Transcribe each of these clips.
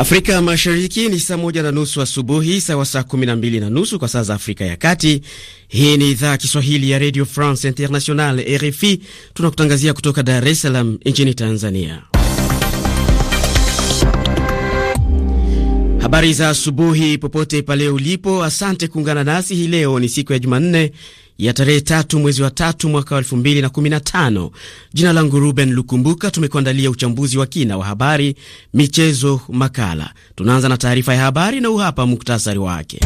Afrika Mashariki ni saa moja na nusu asubuhi, sawa saa kumi na mbili na nusu kwa saa za Afrika ya Kati. Hii ni idhaa Kiswahili ya Radio France International, RFI. Tunakutangazia kutoka Dar es Salaam nchini Tanzania. Habari za asubuhi popote pale ulipo, asante kuungana nasi. Hii leo ni siku ya Jumanne ya tarehe tatu mwezi wa tatu mwaka wa elfu mbili na kumi na tano. Jina langu Ruben Lukumbuka. Tumekuandalia uchambuzi wa kina wa habari, michezo, makala. Tunaanza na taarifa ya habari na uhapa muktasari wake.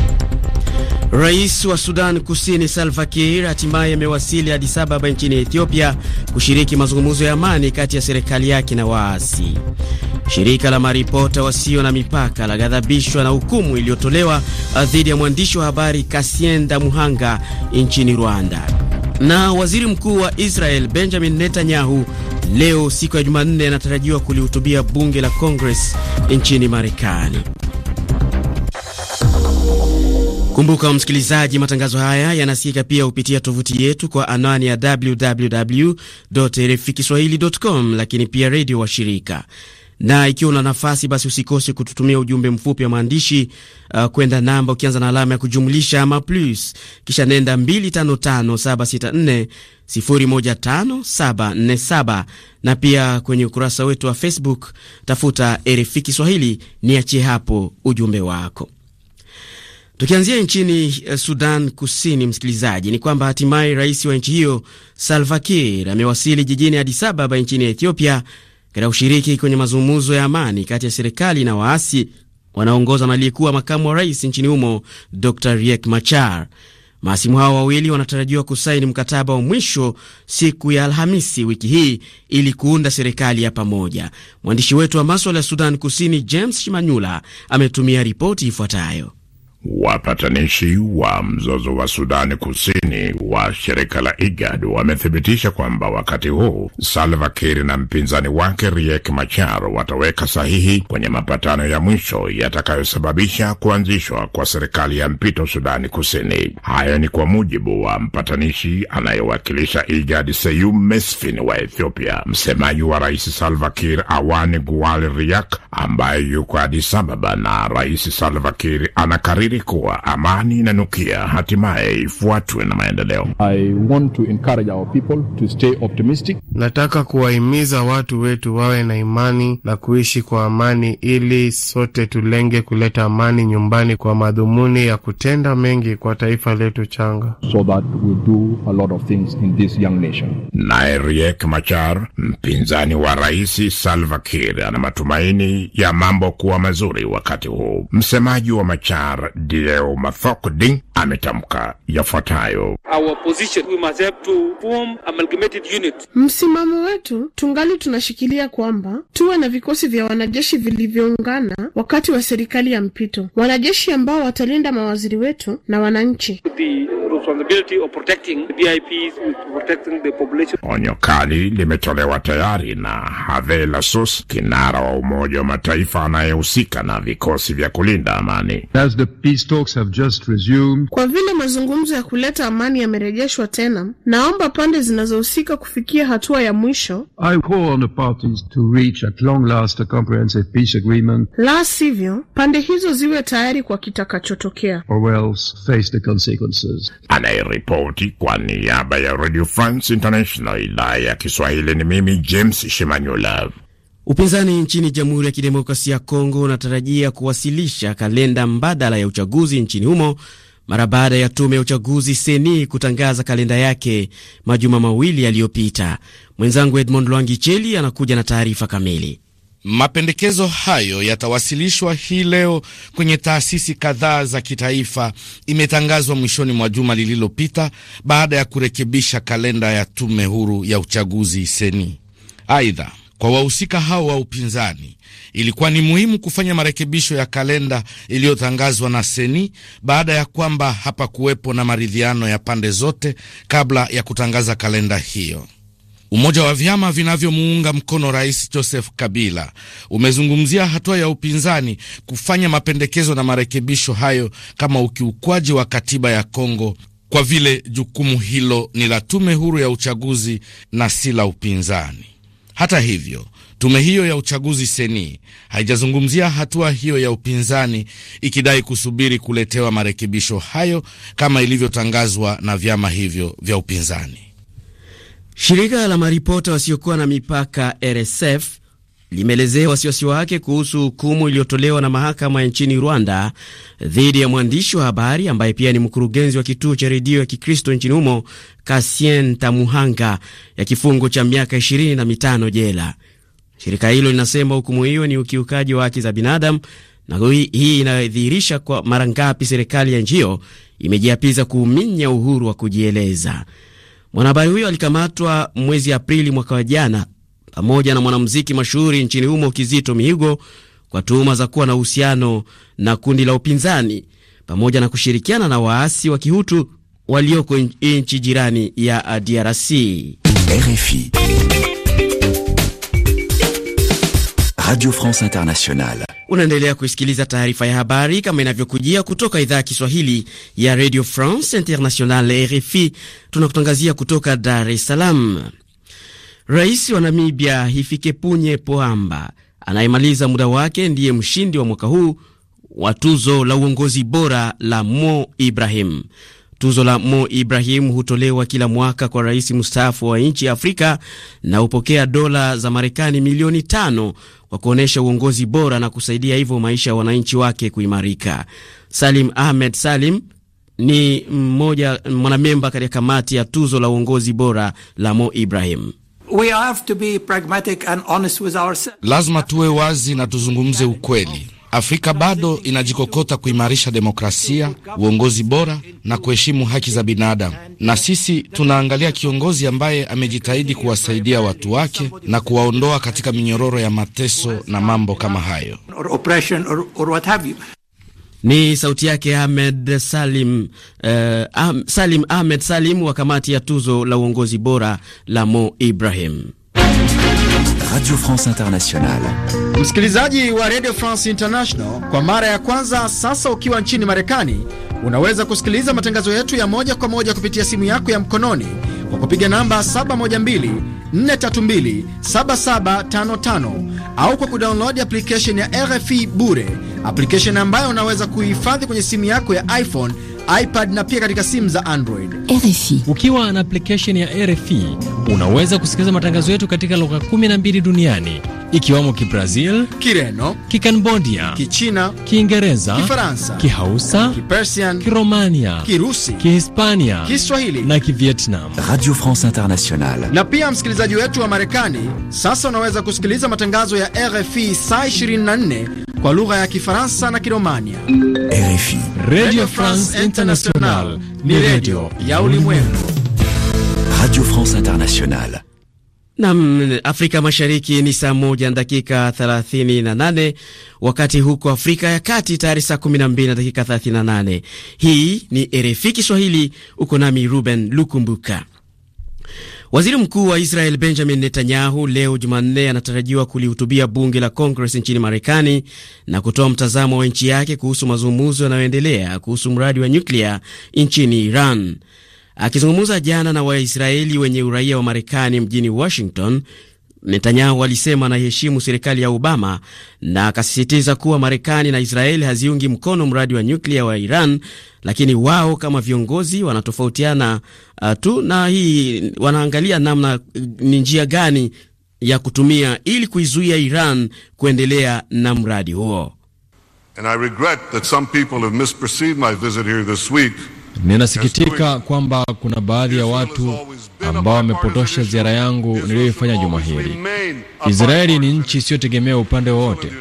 Rais wa Sudan Kusini Salva Kiir hatimaye amewasili Addis Ababa nchini Ethiopia kushiriki mazungumzo ya amani kati ya serikali yake na waasi. Shirika la maripota wasio na mipaka laghadhabishwa na hukumu iliyotolewa dhidi ya mwandishi wa habari Kasienda Muhanga nchini Rwanda. Na waziri mkuu wa Israel Benjamin Netanyahu leo siku ya Jumanne anatarajiwa kulihutubia bunge la Congress nchini Marekani. Kumbuka msikilizaji, matangazo haya yanasikika pia kupitia tovuti yetu kwa anwani ya www.rfikiswahili.com, lakini pia redio wa shirika na ikiwa una nafasi basi usikose kututumia ujumbe mfupi wa maandishi uh, kwenda namba ukianza na alama ya kujumlisha ama plus, kisha nenda 255764015747 na pia kwenye ukurasa wetu wa Facebook tafuta RFI Kiswahili, niachie hapo ujumbe wako. Tukianzia nchini eh, Sudan Kusini, msikilizaji, ni kwamba hatimaye rais wa nchi hiyo Salva Kiir amewasili jijini Addis Ababa nchini Ethiopia katika ushiriki kwenye mazungumzo ya amani kati ya serikali na waasi wanaoongozwa na aliyekuwa makamu wa rais nchini humo Dr Riek Machar. Maasimu hao wawili wanatarajiwa kusaini mkataba wa mwisho siku ya Alhamisi wiki hii ili kuunda serikali ya pamoja. Mwandishi wetu wa maswala ya Sudan Kusini James Shimanyula ametumia ripoti ifuatayo. Wapatanishi wa mzozo wa Sudani Kusini wa shirika la IGAD wamethibitisha kwamba wakati huu Salva Kiir na mpinzani wake Riek Machar wataweka sahihi kwenye mapatano ya mwisho yatakayosababisha kuanzishwa kwa serikali ya mpito Sudani Kusini. Hayo ni kwa mujibu wa mpatanishi anayewakilisha IGAD Seyum Mesfin wa Ethiopia. Msemaji wa Rais Salva Kiir Awani Gual Riak ambaye yuko Addis Ababa na Rais Salva Kiir anakariri ili kuwa amani na nukia hatimaye ifuatwe na maendeleo. I want to encourage our people to stay optimistic. Nataka kuwahimiza watu wetu wawe na imani na kuishi kwa amani, ili sote tulenge kuleta amani nyumbani kwa madhumuni ya kutenda mengi kwa taifa letu changa, so that we do a lot of things in this young nation. Naye Riek Machar, mpinzani wa Rais Salva Kiir, ana matumaini ya mambo kuwa mazuri wakati huu. Msemaji wa Machar Deo Mafokdi ametamka yafuatayo: msimamo wetu tungali tunashikilia kwamba tuwe na vikosi vya wanajeshi vilivyoungana wakati wa serikali ya mpito, wanajeshi ambao watalinda mawaziri wetu na wananchi responsibility of protecting the VIPs, protecting the population. Onyo kali limetolewa tayari na Herve Ghasous, kinara wa Umoja wa Mataifa anayehusika na vikosi vya kulinda amani. As the peace talks have just resumed. Kwa vile mazungumzo ya kuleta amani yamerejeshwa tena, naomba pande zinazohusika kufikia hatua ya mwisho. I call on the parties to reach at long last a comprehensive peace agreement. La sivyo, pande hizo ziwe tayari kwa kitakachotokea. Or else face the consequences. Anayeripoti kwa niaba ya Radio France International idhaa ya Kiswahili ni mimi James Shimanyula. Upinzani nchini Jamhuri ya Kidemokrasia ya Kongo unatarajia kuwasilisha kalenda mbadala ya uchaguzi nchini humo mara baada ya tume ya uchaguzi seni kutangaza kalenda yake majuma mawili yaliyopita. Mwenzangu Edmond Lwangicheli anakuja na taarifa kamili. Mapendekezo hayo yatawasilishwa hii leo kwenye taasisi kadhaa za kitaifa, imetangazwa mwishoni mwa juma lililopita baada ya kurekebisha kalenda ya tume huru ya uchaguzi seni. Aidha, kwa wahusika hao wa upinzani ilikuwa ni muhimu kufanya marekebisho ya kalenda iliyotangazwa na seni baada ya kwamba hapakuwepo na maridhiano ya pande zote kabla ya kutangaza kalenda hiyo. Umoja wa vyama vinavyomuunga mkono Rais Joseph Kabila umezungumzia hatua ya upinzani kufanya mapendekezo na marekebisho hayo kama ukiukwaji wa katiba ya Kongo kwa vile jukumu hilo ni la tume huru ya uchaguzi na si la upinzani. Hata hivyo, tume hiyo ya uchaguzi seni haijazungumzia hatua hiyo ya upinzani, ikidai kusubiri kuletewa marekebisho hayo kama ilivyotangazwa na vyama hivyo vya upinzani. Shirika la maripota wasiokuwa na mipaka RSF limeelezea wasiwasi wake kuhusu hukumu iliyotolewa na mahakama ya nchini Rwanda dhidi ya mwandishi wa habari ambaye pia ni mkurugenzi wa kituo cha redio ya Kikristo nchini humo Kasien Tamuhanga ya kifungo cha miaka 25 jela. Shirika hilo linasema hukumu hiyo ni ukiukaji wa haki za binadamu na hii inadhihirisha kwa mara ngapi serikali ya nchi hiyo imejiapiza kuuminya uhuru wa kujieleza. Mwanahabari huyo alikamatwa mwezi Aprili mwaka wa jana pamoja na mwanamuziki mashuhuri nchini humo Kizito Mihigo kwa tuhuma za kuwa na uhusiano na kundi la upinzani pamoja na kushirikiana na waasi wa Kihutu walioko nchi jirani ya DRC. RFI Radio France Internationale. Unaendelea kuisikiliza taarifa ya habari kama inavyokujia kutoka idhaa ya Kiswahili ya Radio France Internationale, RFI. Tunakutangazia kutoka Dar es Salaam. Rais wa Namibia Hifikepunye Pohamba anayemaliza muda wake ndiye mshindi wa mwaka huu wa tuzo la uongozi bora la Mo Ibrahim. Tuzo la Mo Ibrahim hutolewa kila mwaka kwa rais mstaafu wa nchi ya Afrika na hupokea dola za Marekani milioni tano kwa kuonyesha uongozi bora na kusaidia hivyo maisha ya wananchi wake kuimarika. Salim Ahmed Salim ni mmoja mwanamemba katika kamati ya tuzo la uongozi bora la Mo Ibrahim. We have to be pragmatic and honest with ourselves. Lazima tuwe wazi na tuzungumze ukweli Afrika bado inajikokota kuimarisha demokrasia, uongozi bora na kuheshimu haki za binadamu, na sisi tunaangalia kiongozi ambaye amejitahidi kuwasaidia watu wake na kuwaondoa katika minyororo ya mateso na mambo kama hayo. Ni sauti yake Ahmed Salim, eh, Salim Ahmed Salim wa kamati ya tuzo la uongozi bora la Mo Ibrahim. Radio France Internationale. Msikilizaji wa Radio France International, kwa mara ya kwanza sasa ukiwa nchini Marekani, unaweza kusikiliza matangazo yetu ya moja kwa moja kupitia simu yako ya mkononi kwa kupiga namba 712-432-7755 au kwa kudownload application ya RFI bure, application ambayo unaweza kuhifadhi kwenye simu yako ya iPhone iPad na pia katika simu za Android. RFI. Ukiwa na application ya RFI unaweza kusikiliza matangazo yetu katika lugha 12 duniani ikiwamo Kibrazil, Kireno, Kikambodia, Kichina, Kiingereza, Kifaransa, Kihausa, Kipersian, Kiromania, Kirusi, Kihispania, Kiswahili na Kivietnam. Radio France Internationale. Na pia msikilizaji wetu wa Marekani sasa unaweza kusikiliza matangazo ya RFI saa 24 kwa lugha ya Kifaransa na Kiromania. RFI, Radio France International, ni radio ya ulimwengu. Radio France International. Nam, Afrika Mashariki ni saa moja na dakika 38, wakati huko Afrika ya Kati tayari saa 12 na dakika 38. Hii ni RFI Kiswahili, uko nami Ruben Lukumbuka. Waziri mkuu wa Israel Benjamin Netanyahu leo Jumanne anatarajiwa kulihutubia bunge la Congress nchini Marekani na kutoa mtazamo wa nchi yake kuhusu mazungumzo yanayoendelea kuhusu mradi wa nyuklia nchini Iran. Akizungumza jana na Waisraeli wenye uraia wa Marekani mjini Washington, Netanyahu alisema anaiheshimu serikali ya Obama na akasisitiza kuwa Marekani na Israeli haziungi mkono mradi wa nyuklia wa Iran, lakini wao kama viongozi wanatofautiana uh, tu na hii wanaangalia namna uh, ni njia gani ya kutumia ili kuizuia Iran kuendelea na mradi huo. And I regret that some people have misperceived my visit here this week. Ninasikitika kwamba kuna baadhi ya watu ambao wamepotosha ziara yangu niliyoifanya juma hili. Israeli ni nchi isiyotegemea upande wowote.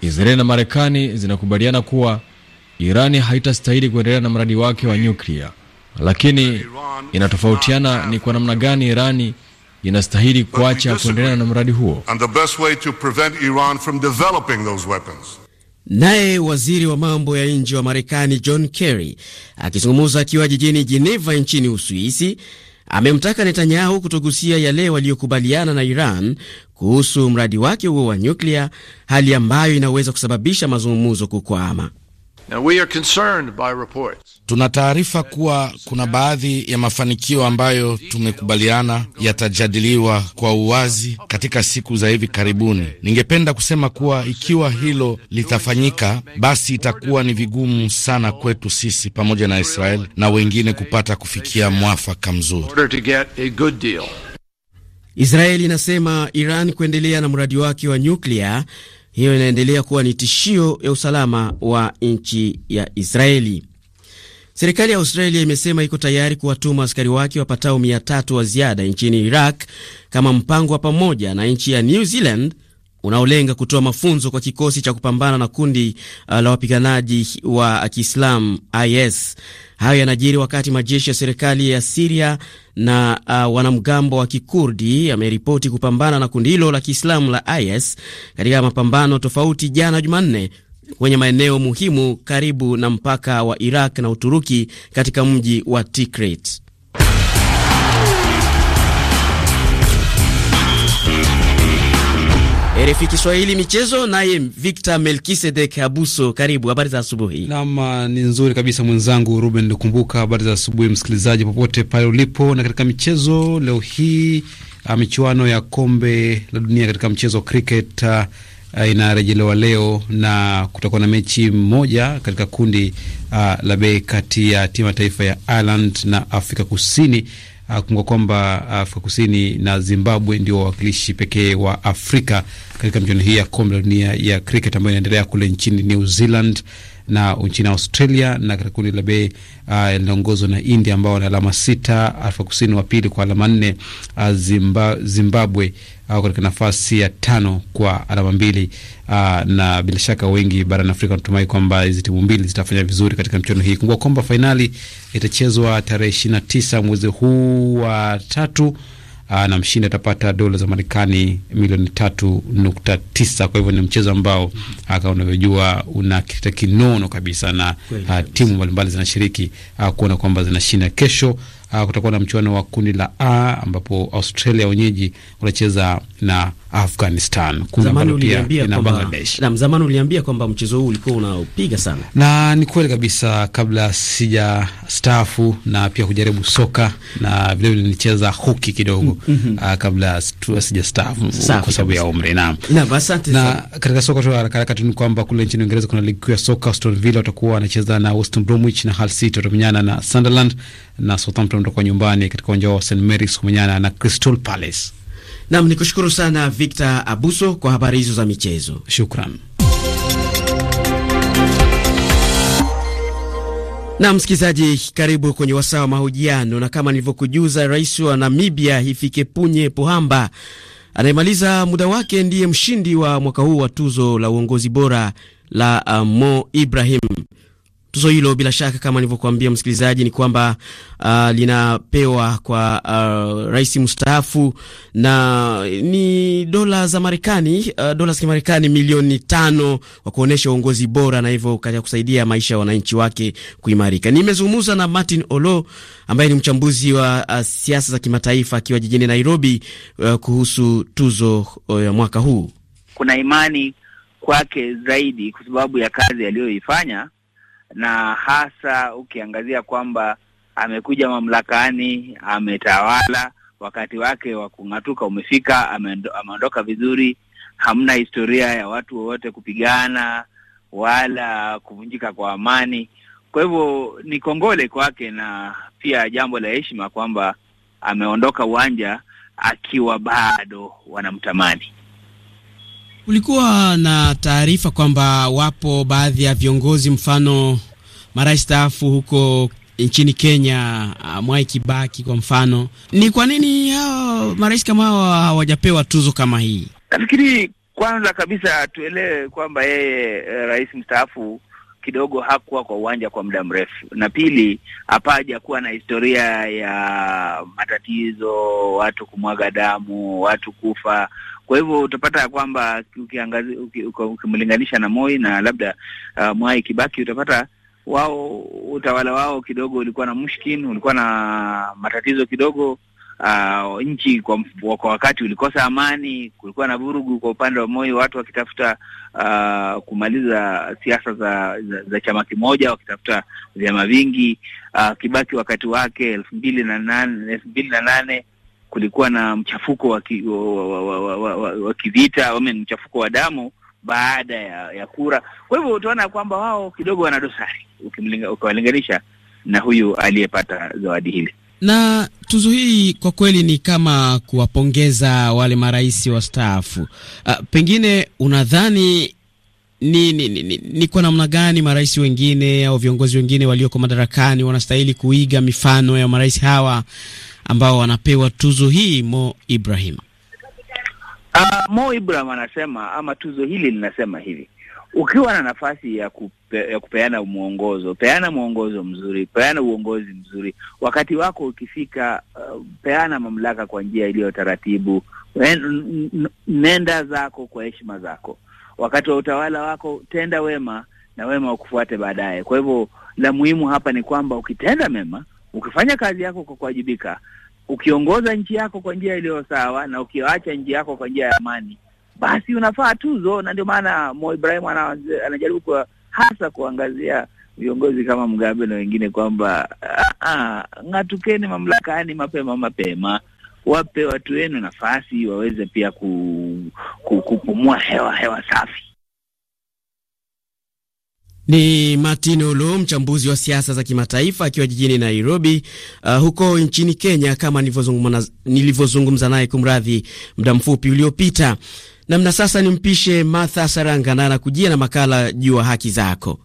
Israeli na Marekani zinakubaliana kuwa Irani haitastahili kuendelea na mradi wake wa nyuklia, lakini inatofautiana ni kwa namna gani Irani inastahili kuacha kuendelea na mradi huo. Naye waziri wa mambo ya nje wa Marekani John Kerry akizungumza akiwa jijini Geneva nchini Uswisi amemtaka Netanyahu kutogusia yale waliyokubaliana na Iran kuhusu mradi wake huo wa nyuklia, hali ambayo inaweza kusababisha mazungumzo kukwama. Tuna taarifa kuwa kuna baadhi ya mafanikio ambayo tumekubaliana yatajadiliwa kwa uwazi katika siku za hivi karibuni. Ningependa kusema kuwa ikiwa hilo litafanyika, basi itakuwa ni vigumu sana kwetu sisi pamoja na Israel na wengine kupata kufikia mwafaka mzuri. Israeli inasema Iran kuendelea na mradi wake wa nyuklia hiyo inaendelea kuwa ni tishio ya usalama wa nchi ya Israeli. Serikali ya Australia imesema iko tayari kuwatuma askari wake wapatao mia tatu wa ziada nchini Iraq kama mpango wa pamoja na nchi ya New Zealand unaolenga kutoa mafunzo kwa kikosi cha kupambana na kundi uh, la wapiganaji wa Kiislamu IS. Hayo yanajiri wakati majeshi ya serikali ya Siria na uh, wanamgambo wa Kikurdi yameripoti kupambana na kundi hilo la Kiislamu la IS katika mapambano tofauti jana Jumanne kwenye maeneo muhimu karibu na mpaka wa Iraq na Uturuki katika mji wa Tikrit. RFI Kiswahili michezo, naye Victor Melkisedek Abuso, karibu. Habari za asubuhi. Naam, ni nzuri kabisa mwenzangu Ruben Likumbuka. Habari za asubuhi msikilizaji, popote pale ulipo. Na katika michezo leo hii ah, michuano ya kombe la dunia katika mchezo wa cricket uh, inarejelewa leo na kutakuwa na mechi moja katika kundi uh, la bei kati ya timu ya taifa ya Ireland na Afrika Kusini Ah, kumbuka kwamba ah, Afrika Kusini na Zimbabwe ndio wawakilishi pekee wa Afrika katika michuano hii ya kombe la dunia ya cricket ambayo inaendelea kule nchini New Zealand na nchini Australia. Na katika kundi la bei uh, ah, linaongozwa na India ambao wana alama sita, Afrika Kusini wa pili kwa alama nne, uh, Zimbabwe au katika nafasi ya tano kwa alama mbili. uh, na bila shaka wengi barani Afrika wanatumai kwamba hizi timu mbili zitafanya vizuri katika mchuano hii. Kumbuka kwamba fainali itachezwa tarehe ishirini na tisa mwezi huu wa uh, tatu. Aa, ah, na mshindi atapata dola za Marekani milioni tatu nukta tisa. Kwa hivyo ni mchezo ambao ah, kama unavyojua una kitita kinono kabisa, na timu mbalimbali zinashiriki kuona kwamba zinashinda. Kesho uh, kutakuwa na mchuano wa kundi la A ambapo Australia wenyeji wanacheza na Afghanistan. Zamani uliambia kwamba na zamani uliambia kwamba mchezo huu ulikuwa unaopiga sana, na ni kweli kabisa. Kabla sija staafu na pia kujaribu soka na vile vile nilicheza hoki kidogo mm -hmm. uh, kabla sija staafu kwa sababu ya umri na na, na katika soka tu haraka haraka tu ni kwamba kule nchini Uingereza kuna ligi kuu ya soka. Aston Villa watakuwa wanacheza na West Bromwich na Hull City watamenyana na Sunderland na Southampton wanaondoka nyumbani katika uwanja wa St Mary's kumenyana na Crystal Palace. Nam ni kushukuru sana Victor Abuso kwa habari hizo za michezo, shukran. Na msikilizaji, karibu kwenye wasaa wa mahojiano, na kama nilivyokujuza, rais wa Namibia Hifikepunye Pohamba anayemaliza muda wake ndiye mshindi wa mwaka huu wa tuzo la uongozi bora la uh, Mo Ibrahim. Tuzo hilo bila shaka, kama nilivyokuambia msikilizaji, ni kwamba uh, linapewa kwa uh, rais mstaafu na ni dola za Marekani, uh, dola za Kimarekani milioni tano kwa kuonesha uongozi bora na hivyo kaja kusaidia maisha ya wananchi wake kuimarika. Nimezungumza na Martin Olo ambaye ni mchambuzi wa uh, siasa za kimataifa akiwa jijini Nairobi uh, kuhusu tuzo uh, ya uh, mwaka huu. Kuna imani kwake zaidi kwa sababu ya kazi aliyoifanya na hasa ukiangazia kwamba amekuja mamlakani, ametawala, wakati wake wa kung'atuka umefika, ameondoka vizuri. Hamna historia ya watu wowote kupigana wala kuvunjika kwa amani. Kwa hivyo ni kongole kwake na pia jambo la heshima kwamba ameondoka uwanja akiwa bado wanamtamani. Kulikuwa na taarifa kwamba wapo baadhi ya viongozi, mfano marais staafu huko nchini Kenya, ah, Mwai Kibaki kwa mfano. Ni kwa nini hao marais kama hao hawajapewa tuzo kama hii? Nafikiri kwanza kabisa tuelewe kwamba yeye eh, rais mstaafu kidogo hakuwa kwa uwanja kwa muda mrefu, na pili, hapaja kuwa na historia ya matatizo, watu kumwaga damu, watu kufa. Kwa hivyo utapata ya kwamba ukimlinganisha na Moi na labda uh, Mwai Kibaki utapata wao utawala wao kidogo ulikuwa na mushkin, ulikuwa na matatizo kidogo. Uh, nchi kwa, kwa wakati ulikosa amani, kulikuwa na vurugu kwa upande wa Moi, watu wakitafuta uh, kumaliza siasa za, za, za chama kimoja, wakitafuta vyama vingi. Uh, Kibaki wakati wake elfu mbili na nane elfu mbili na nane kulikuwa na mchafuko wa ki, wa, wa, wa, wa, wa, wa, wa kivita mchafuko wa damu baada ya, ya kura. Kwa hivyo utaona kwamba wao kidogo wana dosari ukiwalinganisha na huyu aliyepata zawadi hili. Na tuzo hii kwa kweli ni kama kuwapongeza wale marais wastaafu. Ah, pengine unadhani ni, ni, ni, ni, ni kwa namna gani marais wengine au viongozi wengine walioko madarakani wanastahili kuiga mifano ya marais hawa ambao wanapewa tuzo hii Mo Ibrahim? Uh, Mo Ibrahim anasema ama tuzo hili linasema hivi, ukiwa na nafasi ya, kupe, ya kupeana mwongozo, peana mwongozo mzuri, peana uongozi mzuri. Wakati wako ukifika, uh, peana mamlaka kwa njia iliyo taratibu, nenda zako kwa heshima zako. Wakati wa utawala wako tenda wema na wema wakufuate baadaye. Kwa hivyo la muhimu hapa ni kwamba ukitenda mema Ukifanya kazi yako kwa kuwajibika, ukiongoza nchi yako kwa njia iliyo sawa, na ukiwaacha nchi yako kwa njia ya amani, basi unafaa tuzo, na ndio maana Mo Ibrahim anajaribu kwa hasa kuangazia viongozi kama mgabe na wengine kwamba ah, ah, ng'atukeni mamlakani mapema mapema, wape watu wenu nafasi waweze pia ku, ku, kupumua hewa hewa safi. Ni Martin Olo, mchambuzi wa siasa za kimataifa akiwa jijini Nairobi. Uh, huko nchini Kenya, kama nilivyozungumza naye kumradhi, muda mfupi uliopita. Namna sasa nimpishe Martha Saranga na anakujia na makala ya Haki Zako.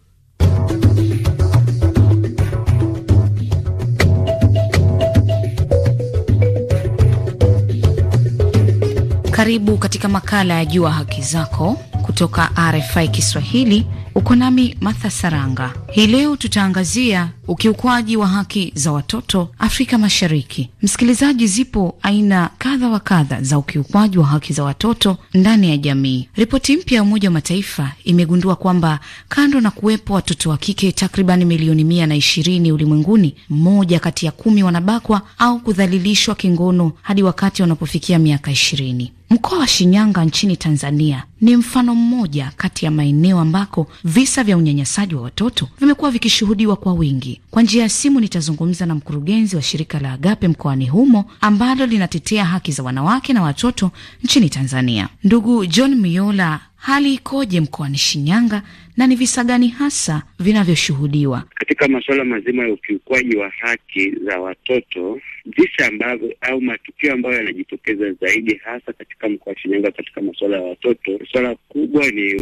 Karibu katika makala ya Jua Haki Zako kutoka RFI Kiswahili. Uko nami Martha Saranga. Hii leo tutaangazia ukiukwaji wa haki za watoto Afrika Mashariki. Msikilizaji, zipo aina kadha wa kadha za ukiukwaji wa haki za watoto ndani ya jamii. Ripoti mpya ya Umoja wa Mataifa imegundua kwamba kando na kuwepo watoto wa kike takribani milioni mia na ishirini ulimwenguni, mmoja kati ya kumi wanabakwa au kudhalilishwa kingono hadi wakati wanapofikia miaka ishirini. Mkoa wa Shinyanga nchini Tanzania ni mfano mmoja kati ya maeneo ambako visa vya unyanyasaji wa watoto vimekuwa vikishuhudiwa kwa wingi. Kwa njia ya simu nitazungumza na mkurugenzi wa shirika la Agape mkoani humo ambalo linatetea haki za wanawake na watoto nchini Tanzania, ndugu John Miola. Hali ikoje mkoani Shinyanga na ni visa gani hasa vinavyoshuhudiwa katika masuala mazima ya ukiukwaji wa haki za watoto? Visa ambavyo au matukio ambayo yanajitokeza zaidi hasa katika mkoa wa Shinyanga katika masuala ya watoto, swala kubwa ni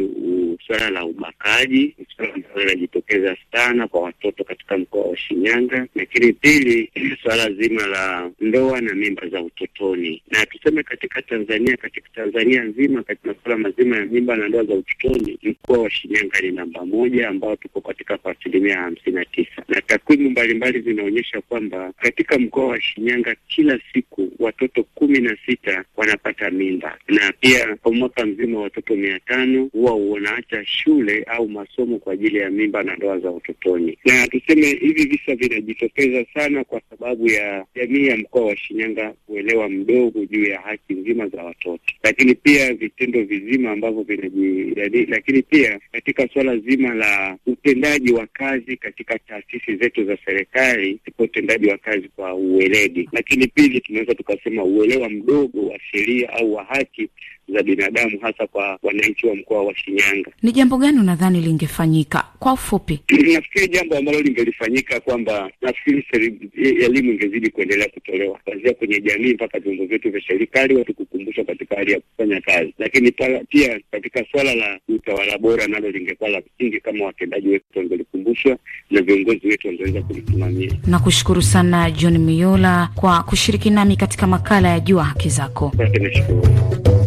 swala la ubakaji, swala ambayo inajitokeza sana kwa watoto katika mkoa wa Shinyanga. Lakini pili, swala zima la ndoa na mimba za utotoni, na tuseme katika Tanzania, katika Tanzania nzima, katika masuala mazima ya mimba na ndoa za utotoni, mkoa wa Shinyanga ni namba moja ambao tuko katika kwa asilimia hamsini na tisa, na takwimu mbalimbali zinaonyesha kwamba katika mkoa wa Shinyanga kila siku watoto kumi na sita wanapata mimba, na pia kwa mwaka mzima watoto mia tano huwa wanaacha shule au masomo kwa ajili ya mimba na ndoa za utotoni. Na tuseme hivi visa vinajitokeza sana kwa sababu ya jamii ya mkoa wa Shinyanga kuelewa mdogo juu ya haki nzima za watoto, lakini pia vitendo vizima ambavyo vinajidadi, lakini pia katika swala zima la utendaji wa kazi katika taasisi zetu za serikali, sipo utendaji wa kazi kwa uweledi. Lakini pili, tunaweza tukasema uelewa mdogo wa sheria au wa haki za binadamu hasa kwa wananchi wa mkoa wa Shinyanga. Ni jambo gani unadhani lingefanyika kwa ufupi? Nafikiri jambo ambalo lingelifanyika kwamba, nafikiri e-, elimu ingezidi kuendelea kutolewa kuanzia kwenye jamii mpaka vyombo vyetu vya serikali, watu kukumbushwa katika hali ya kufanya kazi, lakini pala, pia katika swala la utawala bora nalo lingekuwa la msingi, kama watendaji wetu wangelikumbushwa na viongozi wetu wangeweza kulisimamia. Nakushukuru sana John Miola kwa kushiriki nami katika makala ya Jua Haki Zako. nashukuru.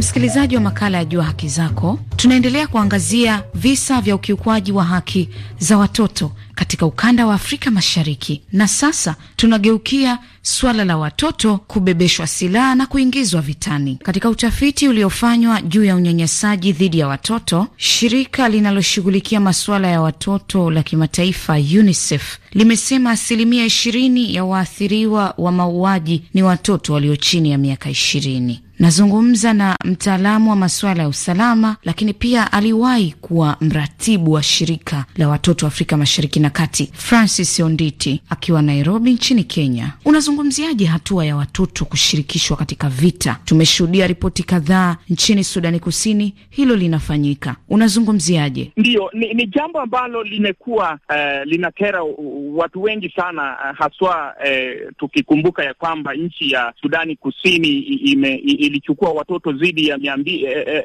Msikilizaji wa makala ya Jua Haki Zako, tunaendelea kuangazia visa vya ukiukwaji wa haki za watoto katika ukanda wa Afrika Mashariki, na sasa tunageukia suala la watoto kubebeshwa silaha na kuingizwa vitani. Katika utafiti uliofanywa juu ya unyanyasaji dhidi ya watoto, shirika linaloshughulikia masuala ya watoto la kimataifa UNICEF limesema asilimia ishirini ya waathiriwa wa mauaji ni watoto walio chini ya miaka ishirini. Nazungumza na mtaalamu wa masuala ya usalama, lakini pia aliwahi kuwa mratibu wa shirika la watoto Afrika Mashariki na Kati, Francis Onditi akiwa Nairobi nchini Kenya. Unazungumziaje hatua ya watoto kushirikishwa katika vita? Tumeshuhudia ripoti kadhaa nchini Sudani Kusini hilo linafanyika, unazungumziaje? Ndiyo, ni, ni jambo ambalo limekuwa uh, linakera watu wengi sana uh, haswa uh, tukikumbuka ya kwamba nchi ya Sudani Kusini ime, ime ilichukua watoto zaidi ya mia eh, eh,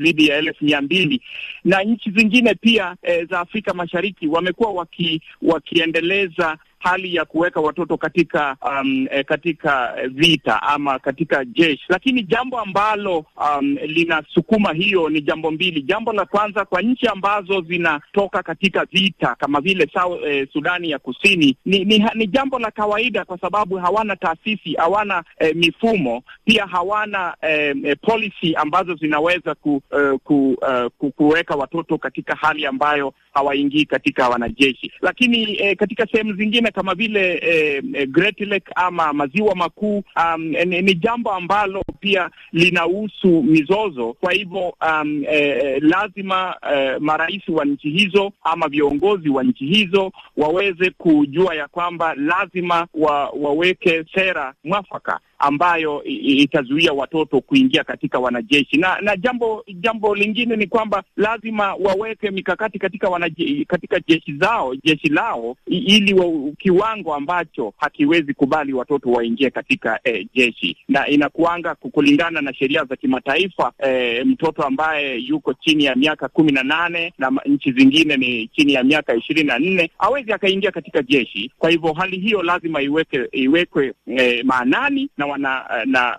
eh ya elfu mia mbili na nchi zingine pia eh, za Afrika Mashariki wamekuwa waki, wakiendeleza hali ya kuweka watoto katika um, e, katika eh, vita ama katika jeshi. Lakini jambo ambalo um, linasukuma hiyo ni jambo mbili. Jambo la kwanza, kwa nchi ambazo zinatoka katika vita kama vile South, eh, e, Sudani ya Kusini ni, ni, ni jambo la kawaida kwa sababu hawana taasisi, hawana e, mifumo, pia hawana e, policy ambazo zinaweza ku, e, ku, e, ku, kuweka watoto katika hali ambayo hawaingii katika wanajeshi. Lakini e, katika sehemu zingine kama vile eh, eh, Great Lake ama maziwa makuu um, eh, ni jambo ambalo pia linahusu mizozo. Kwa hivyo um, eh, eh, lazima eh, marais wa nchi hizo ama viongozi wa nchi hizo waweze kujua ya kwamba lazima wa, waweke sera mwafaka ambayo itazuia watoto kuingia katika wanajeshi. Na na jambo jambo lingine ni kwamba lazima waweke mikakati katika wanaje, katika jeshi zao jeshi lao ili wa, kiwango ambacho hakiwezi kubali watoto waingie katika eh, jeshi, na inakuanga kulingana na sheria za kimataifa eh, mtoto ambaye yuko chini ya miaka kumi na nane na nchi zingine ni chini ya miaka ishirini na nne awezi akaingia katika jeshi. Kwa hivyo hali hiyo lazima iweke iwekwe eh, maanani na na wana na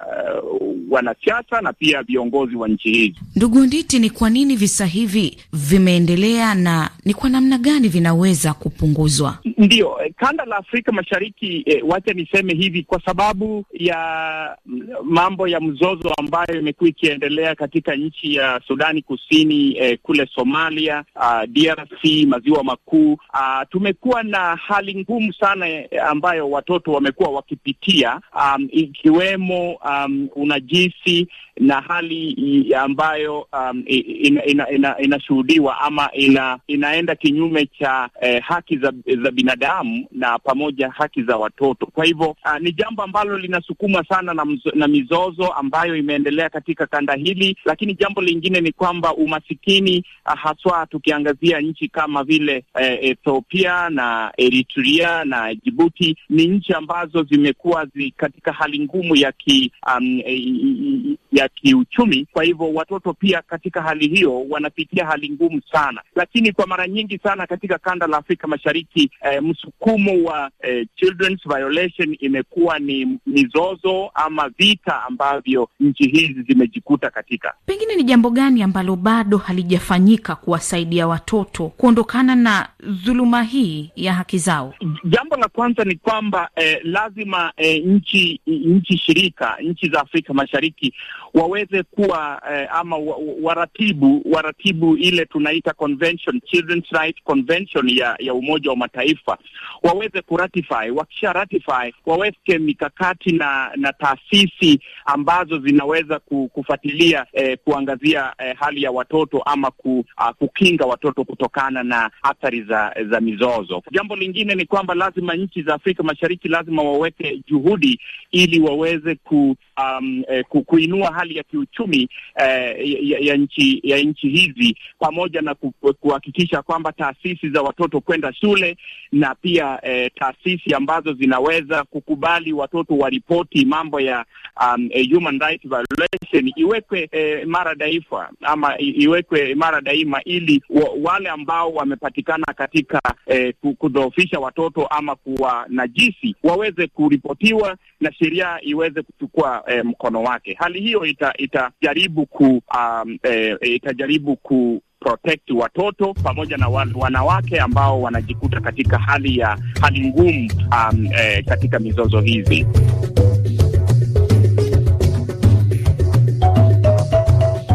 uh, wanasiasa na pia viongozi wa nchi hizi. Ndugu Nditi, ni kwa nini visa hivi vimeendelea na ni kwa namna gani vinaweza kupunguzwa? Ndiyo, eh, kanda la Afrika Mashariki eh, wacha niseme hivi, kwa sababu ya mambo ya mzozo ambayo imekuwa ikiendelea katika nchi ya Sudani Kusini, eh, kule Somalia, uh, ah, DRC, maziwa makuu, uh, tumekuwa na hali ngumu sana eh, ambayo watoto wamekuwa wakipitia um, ikiwemo um, unajisi na hali ambayo um, inashuhudiwa ina, ina, ina ama ina, inaenda kinyume cha eh, haki za, za binadamu na pamoja haki za watoto. Kwa hivyo uh, ni jambo ambalo linasukuma sana na, mzo, na mizozo ambayo imeendelea katika kanda hili, lakini jambo lingine ni kwamba umasikini uh, haswa tukiangazia nchi kama vile eh, Ethiopia na Eritrea na jibuti ni nchi ambazo zimekuwa zi katika hali ngumu ya ki um, ya kiuchumi. Kwa hivyo watoto pia katika hali hiyo wanapitia hali ngumu sana, lakini kwa mara nyingi sana katika kanda la Afrika Mashariki eh, msukumo wa eh, children's violation imekuwa ni mizozo ama vita ambavyo nchi hizi zimejikuta katika. Pengine ni jambo gani ambalo bado halijafanyika kuwasaidia watoto kuondokana na dhuluma hii ya haki zao? Jambo la kwanza ni kwamba eh, lazima eh, nchi nchi shirika nchi za Afrika Mashariki waweze kuwa eh, ama waratibu waratibu ile tunaita convention, Children's Right Convention ya, ya Umoja wa Mataifa waweze kuratify. Wakisha ratify waweke mikakati na na taasisi ambazo zinaweza kufuatilia eh, kuangazia eh, hali ya watoto ama ku, ah, kukinga watoto kutokana na athari za, za mizozo. Jambo lingine ni kwamba lazima nchi za Afrika Mashariki lazima waweke juhudi ili waweze ku, um, eh, kuinua hali hali ya kiuchumi eh, ya, ya nchi ya nchi hizi, pamoja na kuhakikisha kwamba taasisi za watoto kwenda shule na pia eh, taasisi ambazo zinaweza kukubali watoto waripoti mambo ya um, human rights violation iwekwe eh, mara daifa ama iwekwe mara daima, ili wale ambao wamepatikana katika eh, kudhoofisha watoto ama kuwanajisi waweze kuripotiwa na sheria iweze kuchukua eh, mkono wake. Hali hiyo itajaribu ita ku um, e, eh, itajaribu ku protect watoto pamoja na wanawake ambao wanajikuta katika hali ya hali ngumu um, e, katika mizozo hizi.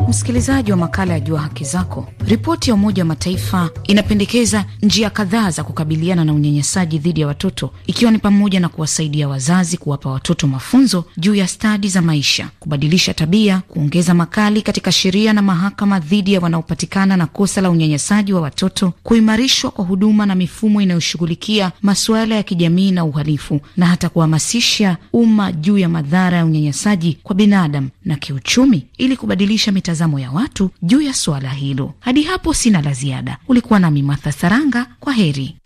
Msikilizaji wa makala ya Jua Haki Zako, Ripoti ya Umoja wa Mataifa inapendekeza njia kadhaa za kukabiliana na unyanyasaji dhidi ya watoto, ikiwa ni pamoja na kuwasaidia wazazi kuwapa watoto mafunzo juu ya stadi za maisha, kubadilisha tabia, kuongeza makali katika sheria na mahakama dhidi ya wanaopatikana na kosa la unyanyasaji wa watoto, kuimarishwa kwa huduma na mifumo inayoshughulikia masuala ya kijamii na uhalifu, na hata kuhamasisha umma juu ya madhara ya unyanyasaji kwa binadamu na kiuchumi, ili kubadilisha mitazamo ya watu juu ya suala hilo hadi hadi hapo sina la ziada. Ulikuwa nami Martha Saranga, kwa heri.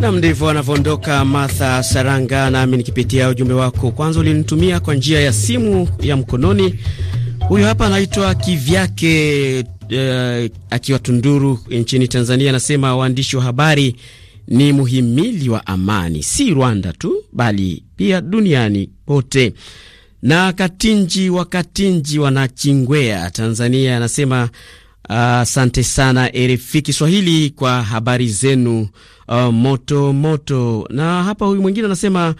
Nam, ndivyo anavyoondoka Martha Saranga, nami nikipitia ujumbe wako kwanza ulinitumia kwa njia ya simu ya mkononi. Huyu hapa anaitwa Kivyake uh, akiwa Tunduru nchini Tanzania, anasema waandishi wa habari ni muhimili wa amani, si Rwanda tu bali pia duniani kote. Na Katinji wa Katinji wanachingwea Tanzania anasema ah, asante uh, sana RFI Kiswahili kwa habari zenu uh, moto moto. Na hapa huyu mwingine anasema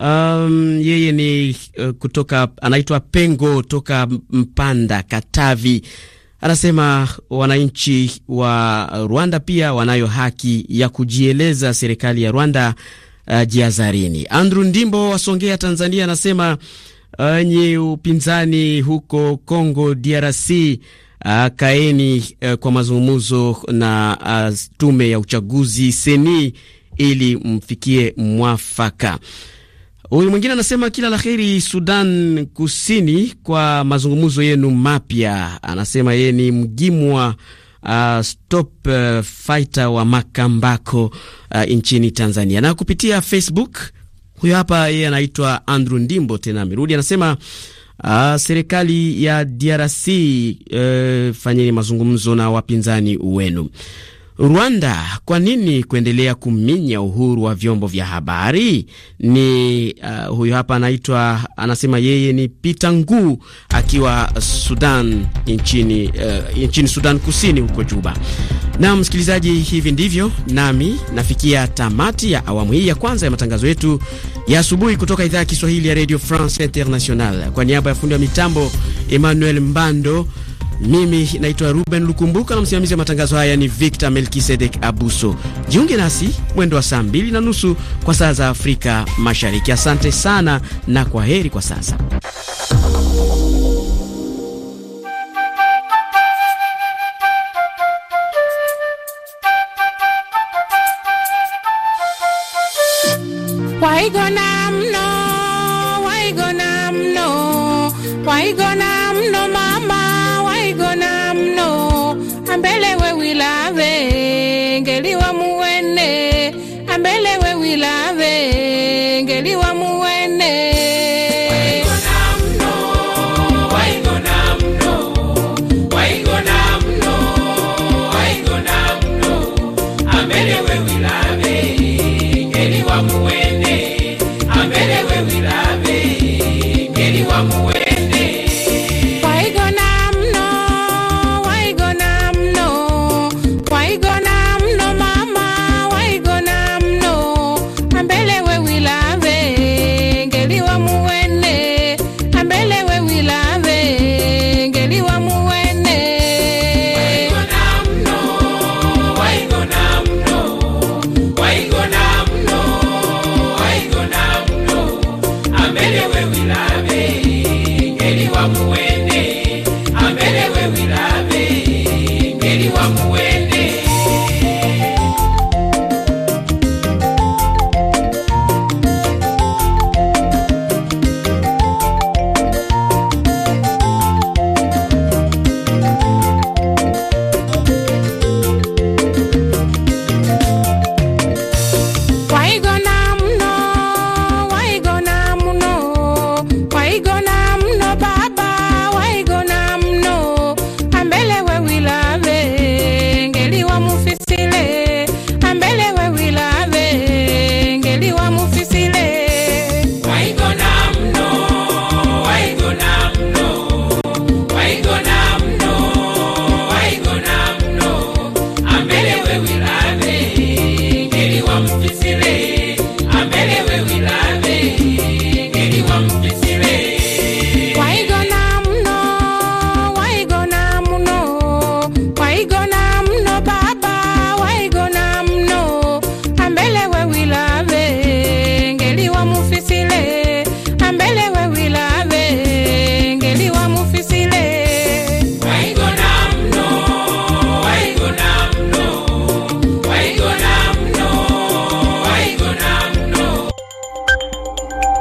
Um, yeye ni uh, kutoka anaitwa Pengo toka Mpanda Katavi, anasema wananchi wa Rwanda pia wanayo haki ya kujieleza, serikali ya Rwanda uh, ah, jiazarini. Andrew Ndimbo wasongea Tanzania anasema nye upinzani huko Congo DRC akaeni ah, eh, kwa mazungumzo na uh, tume ya uchaguzi seni ili mfikie mwafaka. Huyu mwingine anasema kila la heri Sudan Kusini kwa mazungumzo yenu mapya. Anasema yeye ni mgimwa Uh, stop uh, fighter wa Makambako uh, nchini Tanzania. Na kupitia Facebook huyo hapa yeye anaitwa Andrew Ndimbo, tena amerudi, anasema Uh, serikali ya DRC uh, eh, fanyeni mazungumzo na wapinzani wenu. Rwanda kwa nini kuendelea kuminya uhuru wa vyombo vya habari? Ni uh, huyo hapa anaitwa, anasema yeye ni Peter Nguu akiwa Sudan nchini, uh, nchini Sudan Kusini huko Juba. Na msikilizaji, hivi ndivyo nami nafikia tamati ya awamu hii ya kwanza ya matangazo yetu ya asubuhi kutoka idhaa ya Kiswahili ya Radio France International. Kwa niaba ya fundi wa mitambo Emmanuel Mbando mimi naitwa Ruben Lukumbuka na msimamizi wa matangazo haya ni Victor Melkisedek Abuso. Jiunge nasi mwendo wa saa mbili na nusu kwa saa za Afrika Mashariki. Asante sana na kwa heri kwa sasa.